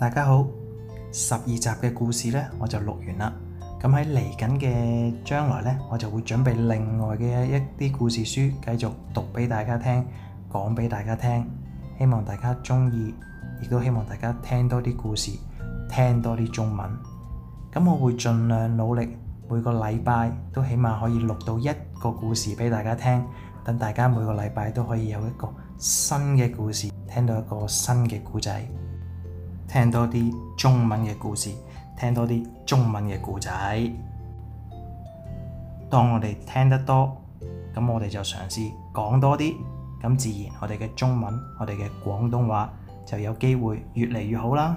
大家好，十二集嘅故事呢，我就錄完啦。咁喺嚟緊嘅將來呢，我就會準備另外嘅一啲故事書，繼續讀俾大家聽，講俾大家聽。希望大家中意，亦都希望大家聽多啲故事，聽多啲中文。咁我會盡量努力，每個禮拜都起碼可以錄到一個故事俾大家聽，等大家每個禮拜都可以有一個新嘅故事，聽到一個新嘅故仔。聽多啲中文嘅故事，聽多啲中文嘅故仔。當我哋聽得多，咁我哋就嘗試講多啲，咁自然我哋嘅中文，我哋嘅廣東話就有機會越嚟越好啦。